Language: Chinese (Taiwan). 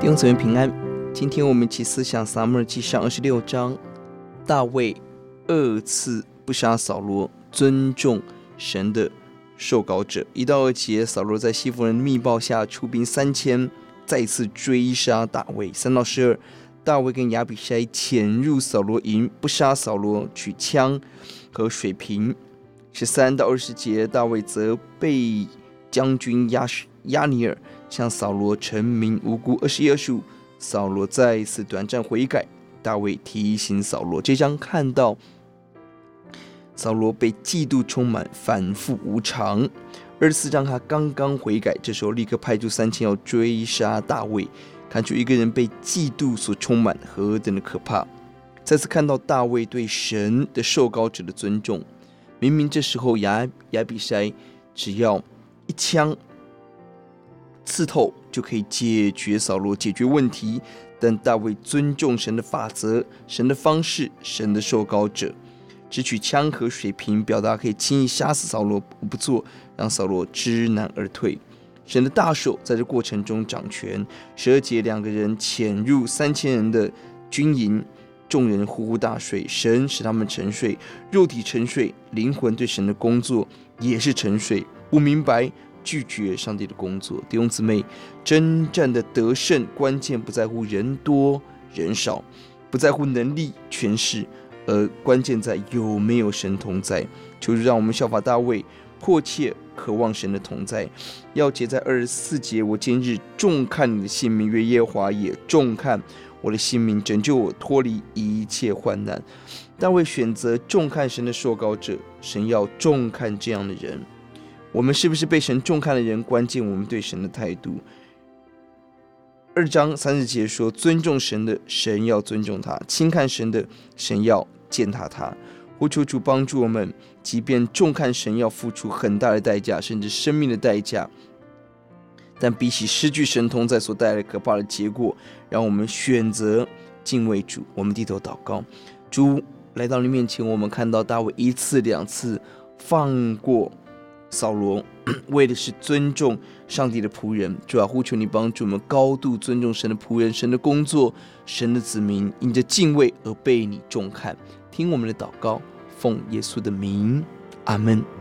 弟兄姊妹平安，今天我們一起思想撒母耳記上二十六章，大衛二次不殺掃羅，尊重神的受膏者。一到二節，掃羅在西弗人的密報下出兵三千，再次追殺大衛。三到十二，大衛跟亞比篩潛入掃羅營，不殺掃羅，取槍和水瓶。十三到二十節，大衛責備。將軍押尼珥向掃羅陳明無辜，二十一、二十五，掃羅再次短暫悔改。大衛提醒掃羅，這章看到掃羅被嫉妒充滿，反覆無常。二十四章他剛剛悔改，這時候立刻派出三千要追殺大衛。看出一個人被嫉妒所充滿何等的可怕。再次看到大衛對神的受膏者的尊重。明明這時候亞亞比篩只要。一槍刺透就可以解決掃羅解決問題，但大衛尊重神的法則、神的方式、神的受膏者，只取槍和水瓶，表達可以輕易殺死掃羅，不做，讓掃羅知難而退。神的大手在這過程中掌權。十二節，兩個人潛入三千人的軍營，眾人呼呼大睡，神使他們沉睡，肉體沉睡，靈魂對神的工作也是沉睡。不明白，拒絕上帝的工作。弟兄姊妹，征戰的得勝，關鍵不在乎人多人少，不在乎能力權勢，而關鍵在有沒有神同在。求主讓我們效法大衛，迫切渴望神的同在。鑰節在二十四節，我今日重看你的性命，耶和華也重看我的性命，拯救我脫離一切患難。大衛選擇重看神的受膏者，神要重看這樣的人。我們是不是被神重看的人？關鍵我們對神的態度。二章三十節說：“尊重神的神要尊重他，輕看神的神要踐踏他。”呼求主幫助我們，即便重看神要付出很大的代價，甚至生命的代價，但比起失去神同在所帶來的可怕的結果，讓我們選擇敬畏主。我們低頭禱告，主來到你面前，我們看到大衛一次兩次放過。掃羅，為的是尊重上帝的僕人，主要呼求你幫助我們高度尊重神的僕人、神的工作、神的子民，因着敬畏而被你重看。聽我們的禱告，奉耶穌的名，阿門。